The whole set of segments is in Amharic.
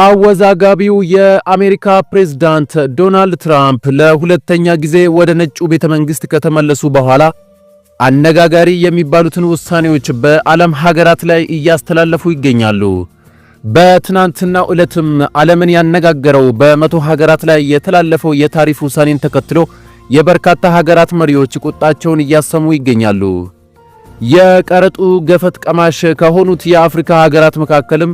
አወዛጋቢው የአሜሪካ ፕሬዝዳንት ዶናልድ ትራምፕ ለሁለተኛ ጊዜ ወደ ነጩ ቤተ መንግስት ከተመለሱ በኋላ አነጋጋሪ የሚባሉትን ውሳኔዎች በዓለም ሀገራት ላይ እያስተላለፉ ይገኛሉ። በትናንትናው ዕለትም ዓለምን ያነጋገረው በመቶ ሀገራት ላይ የተላለፈው የታሪፍ ውሳኔን ተከትሎ የበርካታ ሀገራት መሪዎች ቁጣቸውን እያሰሙ ይገኛሉ። የቀረጡ ገፈት ቀማሽ ከሆኑት የአፍሪካ ሀገራት መካከልም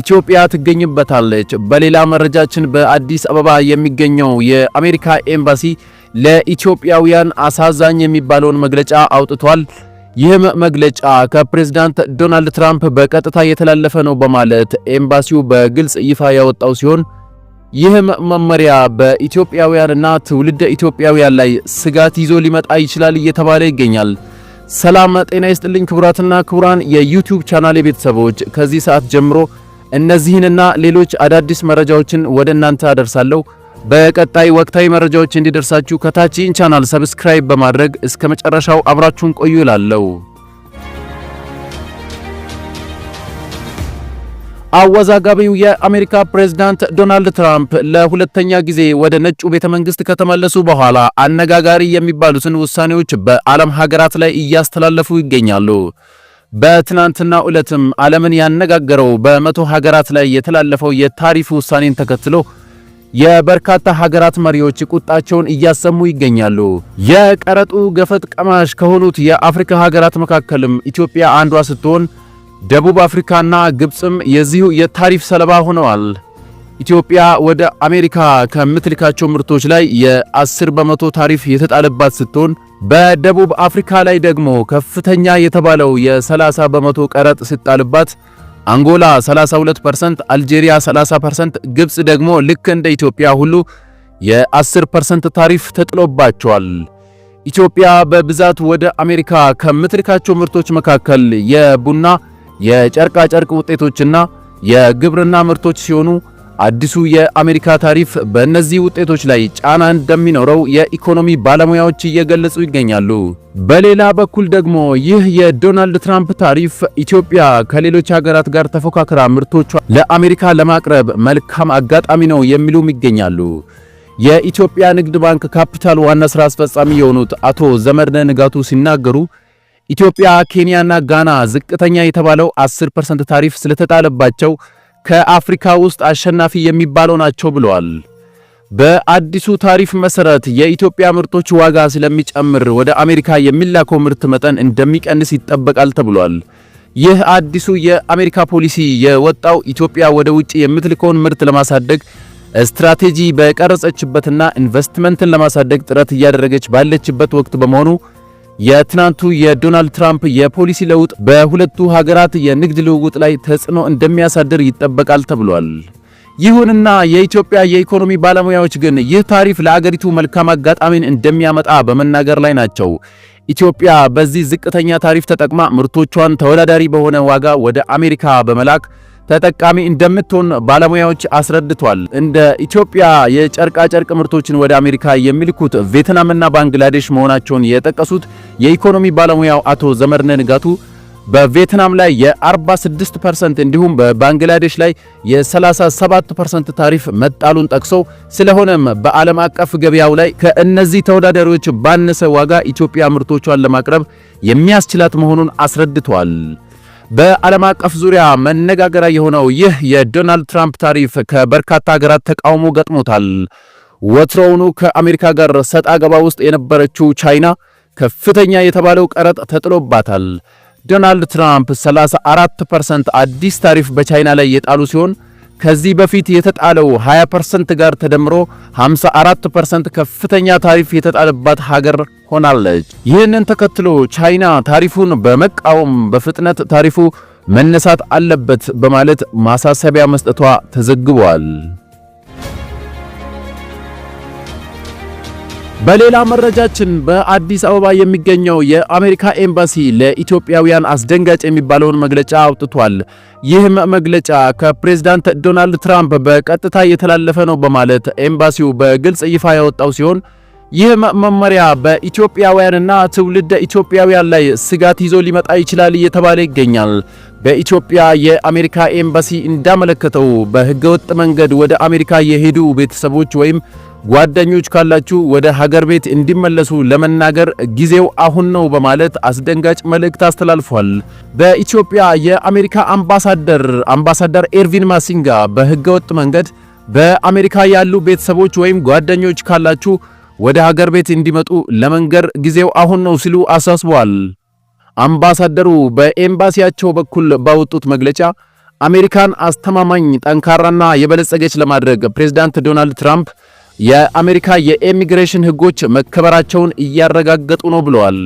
ኢትዮጵያ ትገኝበታለች። በሌላ መረጃችን በአዲስ አበባ የሚገኘው የአሜሪካ ኤምባሲ ለኢትዮጵያውያን አሳዛኝ የሚባለውን መግለጫ አውጥቷል። ይህም መግለጫ ከፕሬዝዳንት ዶናልድ ትራምፕ በቀጥታ የተላለፈ ነው በማለት ኤምባሲው በግልጽ ይፋ ያወጣው ሲሆን ይህም መመሪያ በኢትዮጵያውያንና ትውልደ ኢትዮጵያውያን ላይ ስጋት ይዞ ሊመጣ ይችላል እየተባለ ይገኛል። ሰላም ጤና ይስጥልኝ ክቡራትና ክቡራን የዩቲዩብ ቻናል ቤተሰቦች ከዚህ ሰዓት ጀምሮ እነዚህንና ሌሎች አዳዲስ መረጃዎችን ወደ እናንተ አደርሳለሁ። በቀጣይ ወቅታዊ መረጃዎች እንዲደርሳችሁ ከታች ይህን ቻናል ሰብስክራይብ በማድረግ እስከ መጨረሻው አብራችሁን ቆዩ እላለሁ። አወዛጋቢው የአሜሪካ ፕሬዝዳንት ዶናልድ ትራምፕ ለሁለተኛ ጊዜ ወደ ነጩ ቤተ መንግስት ከተመለሱ በኋላ አነጋጋሪ የሚባሉትን ውሳኔዎች በዓለም ሀገራት ላይ እያስተላለፉ ይገኛሉ። በትናንትና ዕለትም ዓለምን ያነጋገረው በመቶ ሀገራት ላይ የተላለፈው የታሪፍ ውሳኔን ተከትሎ የበርካታ ሀገራት መሪዎች ቁጣቸውን እያሰሙ ይገኛሉ። የቀረጡ ገፈት ቀማሽ ከሆኑት የአፍሪካ ሀገራት መካከልም ኢትዮጵያ አንዷ ስትሆን ደቡብ አፍሪካና ግብፅም የዚሁ የታሪፍ ሰለባ ሆነዋል። ኢትዮጵያ ወደ አሜሪካ ከምትልካቸው ምርቶች ላይ የ10 በመቶ ታሪፍ የተጣለባት ስትሆን በደቡብ አፍሪካ ላይ ደግሞ ከፍተኛ የተባለው የ30 በመቶ ቀረጥ ሲጣልባት አንጎላ 32%፣ አልጄሪያ 30%፣ ግብጽ ደግሞ ልክ እንደ ኢትዮጵያ ሁሉ የ10% ታሪፍ ተጥሎባቸዋል። ኢትዮጵያ በብዛት ወደ አሜሪካ ከምትልካቸው ምርቶች መካከል የቡና፣ የጨርቃ ጨርቅ ውጤቶችና የግብርና ምርቶች ሲሆኑ አዲሱ የአሜሪካ ታሪፍ በእነዚህ ውጤቶች ላይ ጫና እንደሚኖረው የኢኮኖሚ ባለሙያዎች እየገለጹ ይገኛሉ። በሌላ በኩል ደግሞ ይህ የዶናልድ ትራምፕ ታሪፍ ኢትዮጵያ ከሌሎች ሀገራት ጋር ተፎካክራ ምርቶቿ ለአሜሪካ ለማቅረብ መልካም አጋጣሚ ነው የሚሉም ይገኛሉ። የኢትዮጵያ ንግድ ባንክ ካፒታል ዋና ስራ አስፈጻሚ የሆኑት አቶ ዘመድነህ ንጋቱ ሲናገሩ ኢትዮጵያ፣ ኬንያና ጋና ዝቅተኛ የተባለው 10% ታሪፍ ስለተጣለባቸው ከአፍሪካ ውስጥ አሸናፊ የሚባለው ናቸው ብለዋል። በአዲሱ ታሪፍ መሰረት የኢትዮጵያ ምርቶች ዋጋ ስለሚጨምር ወደ አሜሪካ የሚላከው ምርት መጠን እንደሚቀንስ ይጠበቃል ተብሏል። ይህ አዲሱ የአሜሪካ ፖሊሲ የወጣው ኢትዮጵያ ወደ ውጭ የምትልከውን ምርት ለማሳደግ ስትራቴጂ በቀረጸችበትና ኢንቨስትመንትን ለማሳደግ ጥረት እያደረገች ባለችበት ወቅት በመሆኑ የትናንቱ የዶናልድ ትራምፕ የፖሊሲ ለውጥ በሁለቱ ሀገራት የንግድ ልውውጥ ላይ ተጽዕኖ እንደሚያሳድር ይጠበቃል ተብሏል። ይሁንና የኢትዮጵያ የኢኮኖሚ ባለሙያዎች ግን ይህ ታሪፍ ለአገሪቱ መልካም አጋጣሚን እንደሚያመጣ በመናገር ላይ ናቸው። ኢትዮጵያ በዚህ ዝቅተኛ ታሪፍ ተጠቅማ ምርቶቿን ተወዳዳሪ በሆነ ዋጋ ወደ አሜሪካ በመላክ ተጠቃሚ እንደምትሆን ባለሙያዎች አስረድቷል። እንደ ኢትዮጵያ የጨርቃ ጨርቅ ምርቶችን ወደ አሜሪካ የሚልኩት ቬትናምና ባንግላዴሽ መሆናቸውን የጠቀሱት የኢኮኖሚ ባለሙያው አቶ ዘመርነ ንጋቱ በቬትናም ላይ የ46% እንዲሁም በባንግላዴሽ ላይ የ37% ታሪፍ መጣሉን ጠቅሰው ስለሆነም በዓለም አቀፍ ገበያው ላይ ከእነዚህ ተወዳዳሪዎች ባነሰ ዋጋ ኢትዮጵያ ምርቶቿን ለማቅረብ የሚያስችላት መሆኑን አስረድተዋል። በዓለም አቀፍ ዙሪያ መነጋገሪያ የሆነው ይህ የዶናልድ ትራምፕ ታሪፍ ከበርካታ ሀገራት ተቃውሞ ገጥሞታል። ወትሮውኑ ከአሜሪካ ጋር ሰጣ ገባ ውስጥ የነበረችው ቻይና ከፍተኛ የተባለው ቀረጥ ተጥሎባታል። ዶናልድ ትራምፕ 34% አዲስ ታሪፍ በቻይና ላይ የጣሉ ሲሆን ከዚህ በፊት የተጣለው 20% ጋር ተደምሮ 54% ከፍተኛ ታሪፍ የተጣለባት ሀገር ሆናለች። ይህንን ተከትሎ ቻይና ታሪፉን በመቃወም በፍጥነት ታሪፉ መነሳት አለበት በማለት ማሳሰቢያ መስጠቷ ተዘግቧል። በሌላ መረጃችን በአዲስ አበባ የሚገኘው የአሜሪካ ኤምባሲ ለኢትዮጵያውያን አስደንጋጭ የሚባለውን መግለጫ አውጥቷል። ይህም መግለጫ ከፕሬዝዳንት ዶናልድ ትራምፕ በቀጥታ የተላለፈ ነው በማለት ኤምባሲው በግልጽ ይፋ ያወጣው ሲሆን ይህ መመሪያ በኢትዮጵያውያንና ትውልደ ኢትዮጵያውያን ላይ ስጋት ይዞ ሊመጣ ይችላል እየተባለ ይገኛል። በኢትዮጵያ የአሜሪካ ኤምባሲ እንዳመለከተው በህገወጥ መንገድ ወደ አሜሪካ የሄዱ ቤተሰቦች ወይም ጓደኞች ካላችሁ ወደ ሀገር ቤት እንዲመለሱ ለመናገር ጊዜው አሁን ነው በማለት አስደንጋጭ መልእክት አስተላልፏል። በኢትዮጵያ የአሜሪካ አምባሳደር አምባሳደር ኤርቪን ማሲንጋ በህገወጥ መንገድ በአሜሪካ ያሉ ቤተሰቦች ወይም ጓደኞች ካላችሁ ወደ ሀገር ቤት እንዲመጡ ለመንገር ጊዜው አሁን ነው ሲሉ አሳስበዋል። አምባሳደሩ በኤምባሲያቸው በኩል ባወጡት መግለጫ አሜሪካን አስተማማኝ፣ ጠንካራና የበለጸገች ለማድረግ ፕሬዝዳንት ዶናልድ ትራምፕ የአሜሪካ የኢሚግሬሽን ሕጎች መከበራቸውን እያረጋገጡ ነው ብለዋል።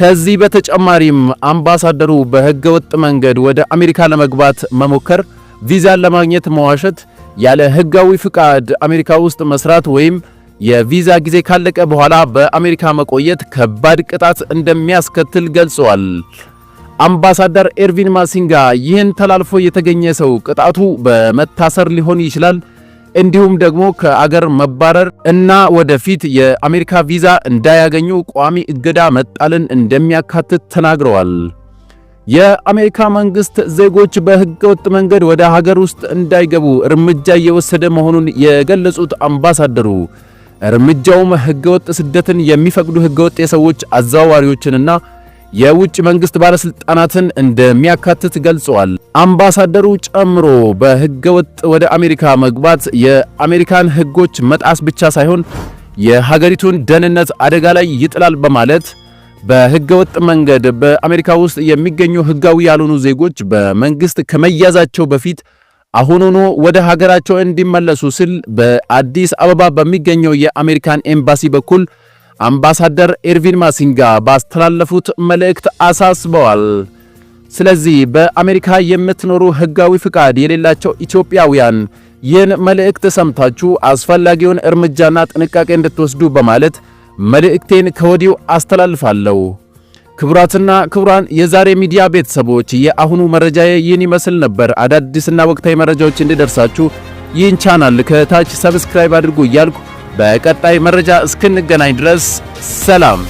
ከዚህ በተጨማሪም አምባሳደሩ በህገወጥ መንገድ ወደ አሜሪካ ለመግባት መሞከር፣ ቪዛን ለማግኘት መዋሸት፣ ያለ ሕጋዊ ፍቃድ አሜሪካ ውስጥ መስራት ወይም የቪዛ ጊዜ ካለቀ በኋላ በአሜሪካ መቆየት ከባድ ቅጣት እንደሚያስከትል ገልጸዋል። አምባሳደር ኤርቪን ማሲንጋ ይህን ተላልፎ የተገኘ ሰው ቅጣቱ በመታሰር ሊሆን ይችላል እንዲሁም ደግሞ ከአገር መባረር እና ወደፊት የአሜሪካ ቪዛ እንዳያገኙ ቋሚ እገዳ መጣልን እንደሚያካትት ተናግረዋል። የአሜሪካ መንግስት ዜጎች በህገወጥ መንገድ ወደ ሀገር ውስጥ እንዳይገቡ እርምጃ እየወሰደ መሆኑን የገለጹት አምባሳደሩ እርምጃውም ህገወጥ ስደትን የሚፈቅዱ ህገወጥ የሰዎች አዘዋዋሪዎችንና የውጭ መንግስት ባለስልጣናትን እንደሚያካትት ገልጸዋል። አምባሳደሩ ጨምሮ በህገወጥ ወደ አሜሪካ መግባት የአሜሪካን ህጎች መጣስ ብቻ ሳይሆን የሀገሪቱን ደህንነት አደጋ ላይ ይጥላል በማለት በህገወጥ መንገድ በአሜሪካ ውስጥ የሚገኙ ህጋዊ ያልሆኑ ዜጎች በመንግስት ከመያዛቸው በፊት አሁኑኑ ወደ ሀገራቸው እንዲመለሱ ሲል በአዲስ አበባ በሚገኘው የአሜሪካን ኤምባሲ በኩል አምባሳደር ኤርቪን ማሲንጋ ባስተላለፉት መልእክት አሳስበዋል። ስለዚህ በአሜሪካ የምትኖሩ ሕጋዊ ፍቃድ የሌላቸው ኢትዮጵያውያን ይህን መልእክት ሰምታችሁ አስፈላጊውን እርምጃና ጥንቃቄ እንድትወስዱ በማለት መልእክቴን ከወዲሁ አስተላልፋለሁ። ክቡራትና ክቡራን የዛሬ ሚዲያ ቤተሰቦች የአሁኑ መረጃ ይህን ይመስል ነበር። አዳዲስና ወቅታዊ መረጃዎች እንዲደርሳችሁ ይህን ቻናል ከታች ሰብስክራይብ አድርጉ እያልኩ በቀጣይ መረጃ እስክንገናኝ ድረስ ሰላም።